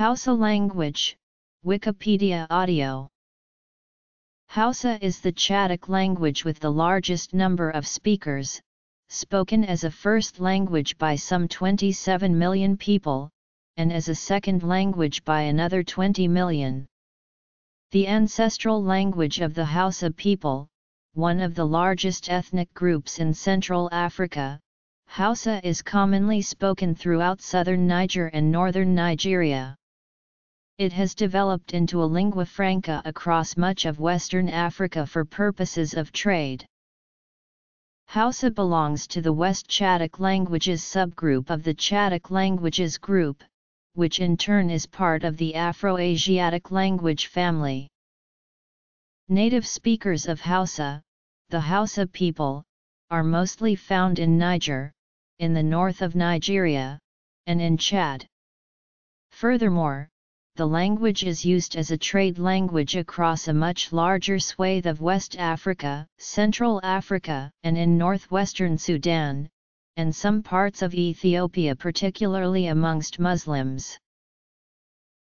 Hausa language, Wikipedia audio. Hausa is the Chadic language with the largest number of speakers, spoken as a first language by some 27 million people, and as a second language by another 20 million. The ancestral language of the Hausa people, one of the largest ethnic groups in Central Africa, Hausa is commonly spoken throughout southern Niger and northern Nigeria. It has developed into a lingua franca across much of Western Africa for purposes of trade. Hausa belongs to the West Chadic languages subgroup of the Chadic languages group, which in turn is part of the Afroasiatic language family. Native speakers of Hausa, the Hausa people, are mostly found in Niger, in the north of Nigeria, and in Chad. Furthermore, the language is used as a trade language across a much larger swathe of West Africa, Central Africa, and in northwestern Sudan, and some parts of Ethiopia particularly amongst Muslims.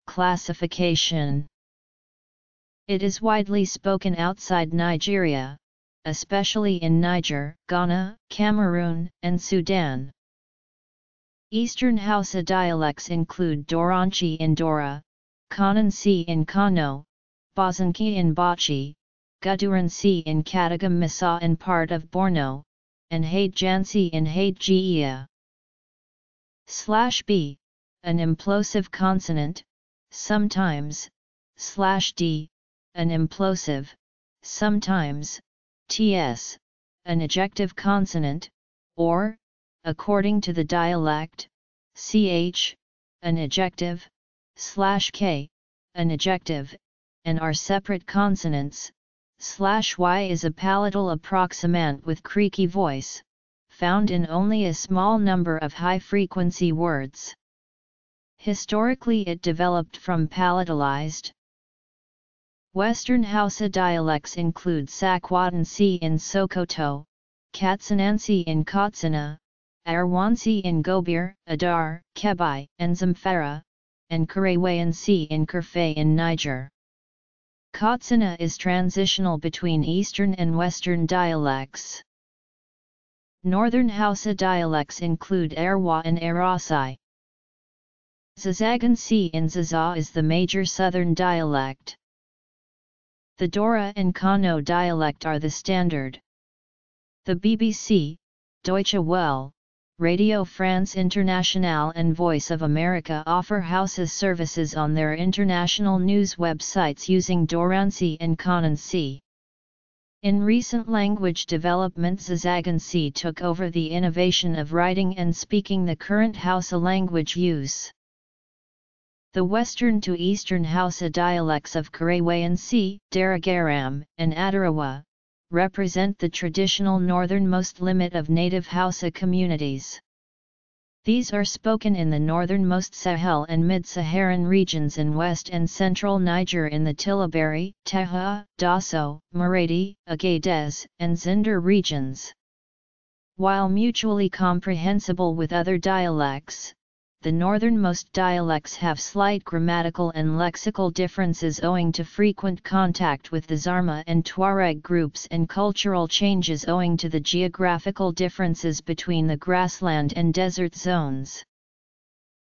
Classification It is widely spoken outside Nigeria, especially in Niger, Ghana, Cameroon, and Sudan. Eastern Hausa dialects include Doranchi and Dora, Kanan si in Kano, Bazanki in Bachi, Guduran si in Katagam Misa in part of Borno, and Haid Jansi in Haid Gia. Slash B, an implosive consonant, sometimes, slash D, an implosive, sometimes, TS, an ejective consonant, or, according to the dialect, CH, an ejective, slash k, an adjective, and are separate consonants, slash y is a palatal approximant with creaky voice, found in only a small number of high-frequency words. Historically it developed from palatalized. Western Hausa dialects include Sakwatansi in Sokoto, Katsanansi in Katsina, Arwansi in Gobir, Adar, Kebai, and Zamfara, and Karawayansi in Kerfe in Niger. Kotsina is transitional between Eastern and Western dialects. Northern Hausa dialects include Erwa and Erasai. Zazagansi in Zaza is the major southern dialect. The Dora and Kano dialect are the standard. The BBC, Deutsche Welle, Radio France Internationale and Voice of America offer houses services on their international news websites using Dorancy and Conancy. In recent language development Zagancy took over the innovation of writing and speaking the current Hausa language use. The western to eastern Hausa dialects of Karawayansi, Daragaram, and Adarawa, represent the traditional northernmost limit of native Hausa communities. These are spoken in the northernmost Sahel and mid-Saharan regions in west and central Niger in the Tillabéri, Teha, Dosso, Maradi, Agadez, and Zinder regions. While mutually comprehensible with other dialects, the northernmost dialects have slight grammatical and lexical differences owing to frequent contact with the Zarma and Tuareg groups and cultural changes owing to the geographical differences between the grassland and desert zones.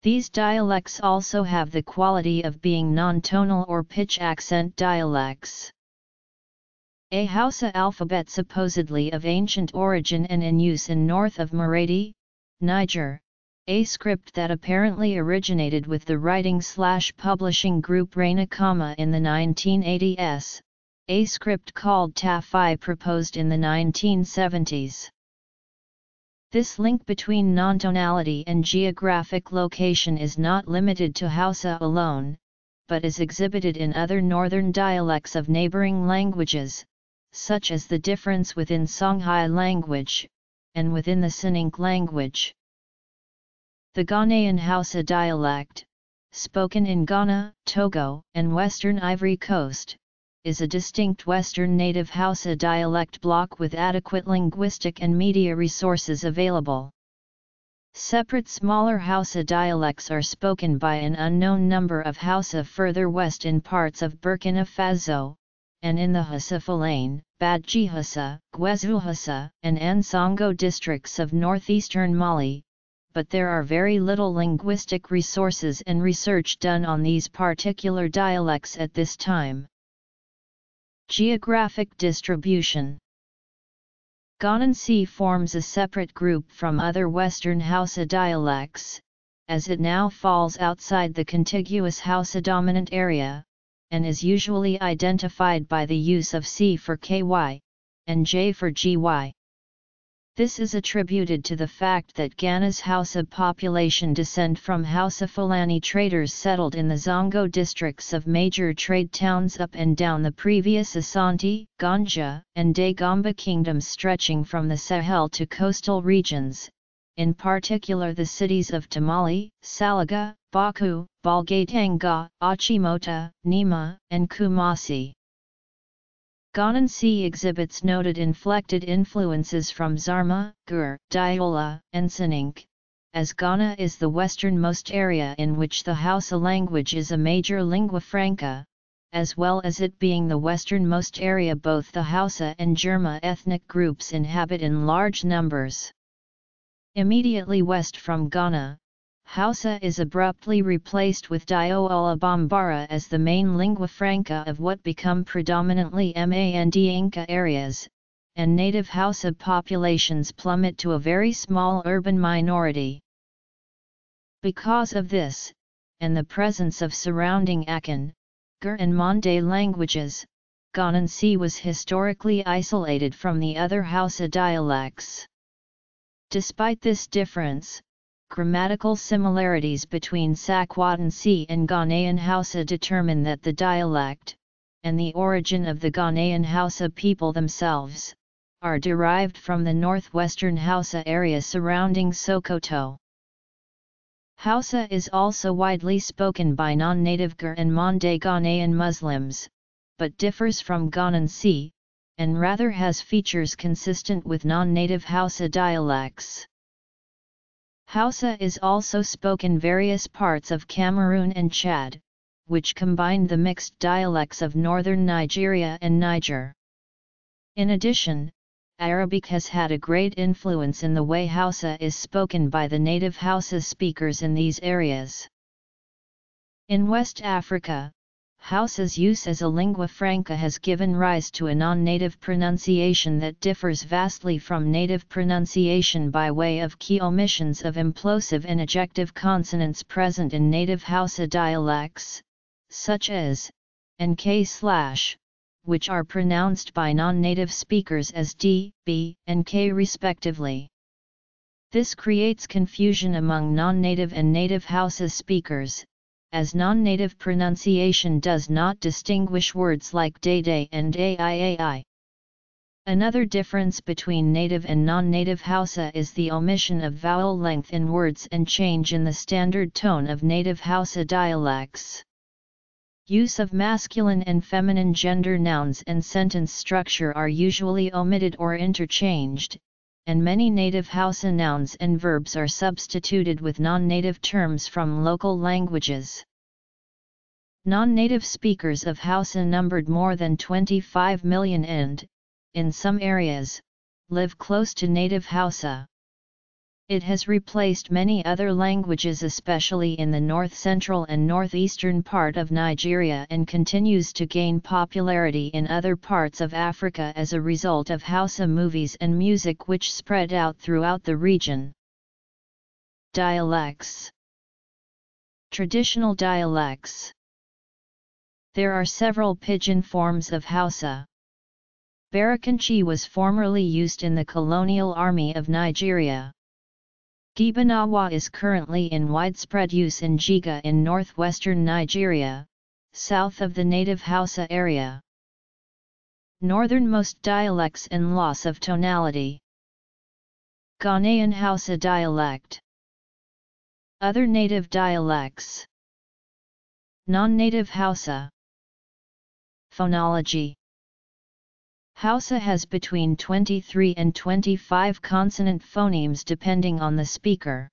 These dialects also have the quality of being non-tonal or pitch accent dialects. A Hausa alphabet supposedly of ancient origin and in use in north of Maradi, Niger, a script that apparently originated with the writing-slash-publishing group Kama in the 1980s, a script called TAFI proposed in the 1970s. This link between non-tonality and geographic location is not limited to Hausa alone, but is exhibited in other northern dialects of neighboring languages, such as the difference within Songhai language, and within the Sinink language. The Ghanaian Hausa dialect, spoken in Ghana, Togo, and Western Ivory Coast, is a distinct Western native Hausa dialect block with adequate linguistic and media resources available. Separate smaller Hausa dialects are spoken by an unknown number of Hausa further west in parts of Burkina Faso, and in the Hasafalain, Badji Hausa, Gwezu Hausa, and Ansongo districts of northeastern Mali, but there are very little linguistic resources and research done on these particular dialects at this time. Geographic distribution Ganansi forms a separate group from other Western Hausa dialects, as it now falls outside the contiguous Hausa-dominant area, and is usually identified by the use of C for KY, and J for GY. This is attributed to the fact that Ghana's Hausa population descend from Hausa Fulani traders settled in the Zongo districts of major trade towns up and down the previous Asante, Ganja, and Dagomba kingdoms stretching from the Sahel to coastal regions, in particular the cities of Tamale, Salaga, Baku, Balgatanga, Achimota, Nima, and Kumasi. Ganon C exhibits noted inflected influences from Zarma, Gur, Diola, and Sinink, as Ghana is the westernmost area in which the Hausa language is a major lingua franca, as well as it being the westernmost area both the Hausa and Germa ethnic groups inhabit in large numbers. Immediately west from Ghana, Hausa is abruptly replaced with Diola Bambara as the main lingua franca of what become predominantly Yinka areas, and native Hausa populations plummet to a very small urban minority. Because of this, and the presence of surrounding Akan, Gur and Mande languages, Ganansi was historically isolated from the other Hausa dialects. Despite this difference, grammatical similarities between Sakwatansi and Ghanaian Hausa determine that the dialect, and the origin of the Ghanaian Hausa people themselves, are derived from the northwestern Hausa area surrounding Sokoto. Hausa is also widely spoken by non-native Gur and Mande Ghanaian Muslims, but differs from C and rather has features consistent with non-native Hausa dialects. Hausa is also spoken various parts of Cameroon and Chad, which combine the mixed dialects of northern Nigeria and Niger. In addition, Arabic has had a great influence in the way Hausa is spoken by the native Hausa speakers in these areas. In West Africa, Hausa's use as a lingua franca has given rise to a non-native pronunciation that differs vastly from native pronunciation by way of key omissions of implosive and ejective consonants present in native Hausa dialects, such as, and K slash, which are pronounced by non-native speakers as D, B, and K respectively. This creates confusion among non-native and native Hausa speakers, as non-native pronunciation does not distinguish words like day-day and aiai. Another difference between native and non-native Hausa is the omission of vowel length in words and change in the standard tone of native Hausa dialects. Use of masculine and feminine gender nouns and sentence structure are usually omitted or interchanged, and many native Hausa nouns and verbs are substituted with non-native terms from local languages. Non-native speakers of Hausa numbered more than 25 million and, in some areas, live close to native Hausa. It has replaced many other languages especially in the north central and northeastern part of Nigeria and continues to gain popularity in other parts of Africa as a result of Hausa movies and music which spread out throughout the region. Dialects Traditional dialects There are several pidgin forms of Hausa. Barakanchi was formerly used in the colonial army of Nigeria. Gibanawa is currently in widespread use in Jiga in northwestern Nigeria, south of the native Hausa area. Northernmost dialects and loss of tonality. Ghanaian Hausa dialect. Other native dialects. Non-native Hausa. Phonology Hausa has between 23 and 25 consonant phonemes depending on the speaker.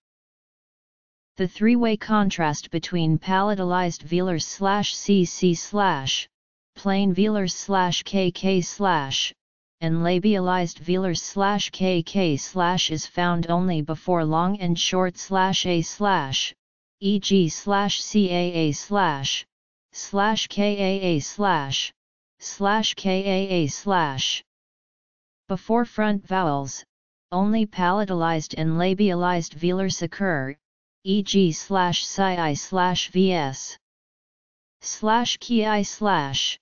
The three-way contrast between palatalized velar slash cc slash, plain velar slash kk slash, and labialized velar slash kk slash is found only before long and short slash a slash, e.g. slash caa slash, slash kaa slash, slash kaa slash. Before front vowels, only palatalized and labialized velars occur, e.g. slash psi slash vs. slash ki slash.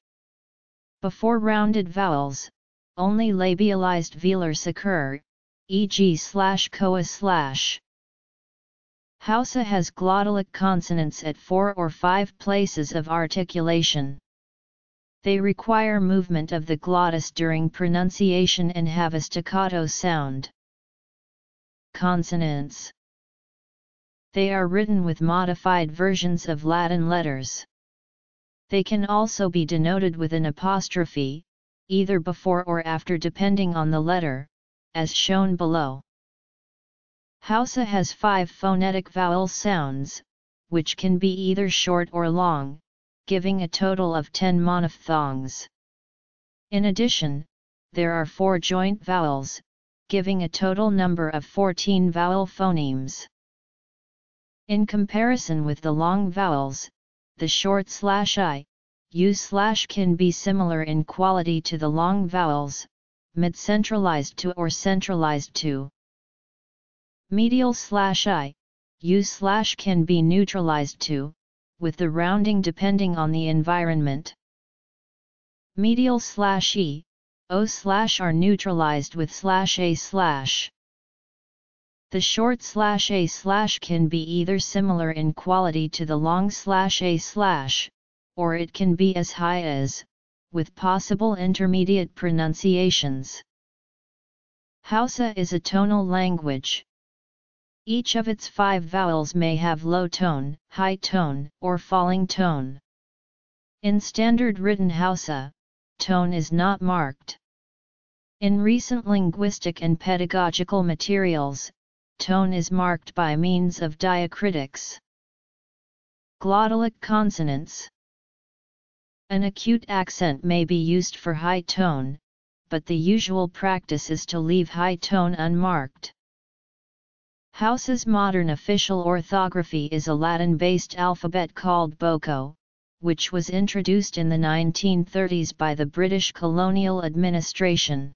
Before rounded vowels, only labialized velars occur, e.g. slash koa slash. Hausa has glottalic consonants at four or five places of articulation. They require movement of the glottis during pronunciation and have a staccato sound. Consonants They are written with modified versions of Latin letters. They can also be denoted with an apostrophe, either before or after depending on the letter, as shown below. Hausa has five phonetic vowel sounds, which can be either short or long, giving a total of 10 monophthongs. In addition, there are four joint vowels, giving a total number of 14 vowel phonemes. In comparison with the long vowels, the short slash i, u slash can be similar in quality to the long vowels, mid-centralized to or centralized to. Medial slash i, u slash can be neutralized to, with the rounding depending on the environment. Medial slash E, O slash are neutralized with slash A slash. The short slash A slash can be either similar in quality to the long slash A slash, or it can be as high as, with possible intermediate pronunciations. Hausa is a tonal language. Each of its five vowels may have low tone, high tone, or falling tone. In standard written Hausa, tone is not marked. In recent linguistic and pedagogical materials, tone is marked by means of diacritics. Glottalic consonants An acute accent may be used for high tone, but the usual practice is to leave high tone unmarked. House's modern official orthography is a Latin-based alphabet called Boko, which was introduced in the 1930s by the British colonial administration.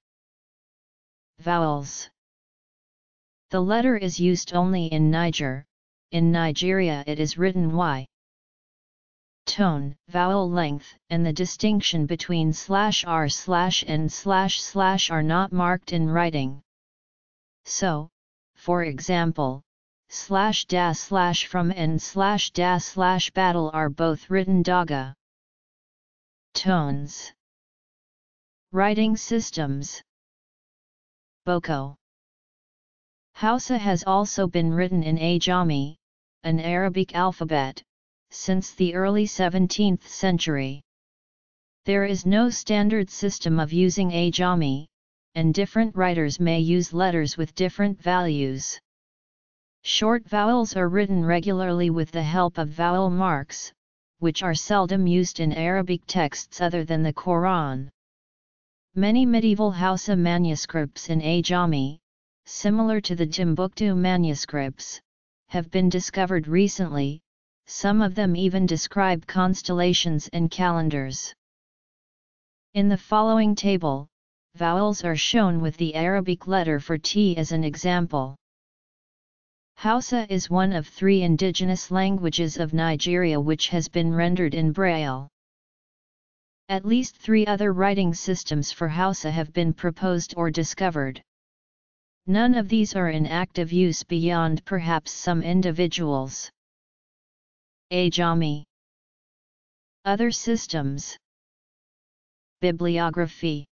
Vowels The letter is used only in Niger, in Nigeria it is written Y. Tone, vowel length, and the distinction between slash R slash and slash slash are not marked in writing. So, for example, slash da slash from and slash da slash battle are both written Daga. Tones Writing systems Boko Hausa has also been written in Ajami, an Arabic alphabet, since the early 17th century. There is no standard system of using Ajami, and different writers may use letters with different values. Short vowels are written regularly with the help of vowel marks, which are seldom used in Arabic texts other than the Quran. Many medieval Hausa manuscripts in Ajami, similar to the Timbuktu manuscripts, have been discovered recently, some of them even describe constellations and calendars. In the following table, vowels are shown with the Arabic letter for T as an example. Hausa is one of three indigenous languages of Nigeria which has been rendered in Braille. At least three other writing systems for Hausa have been proposed or discovered. None of these are in active use beyond perhaps some individuals. Ajami Other systems Bibliography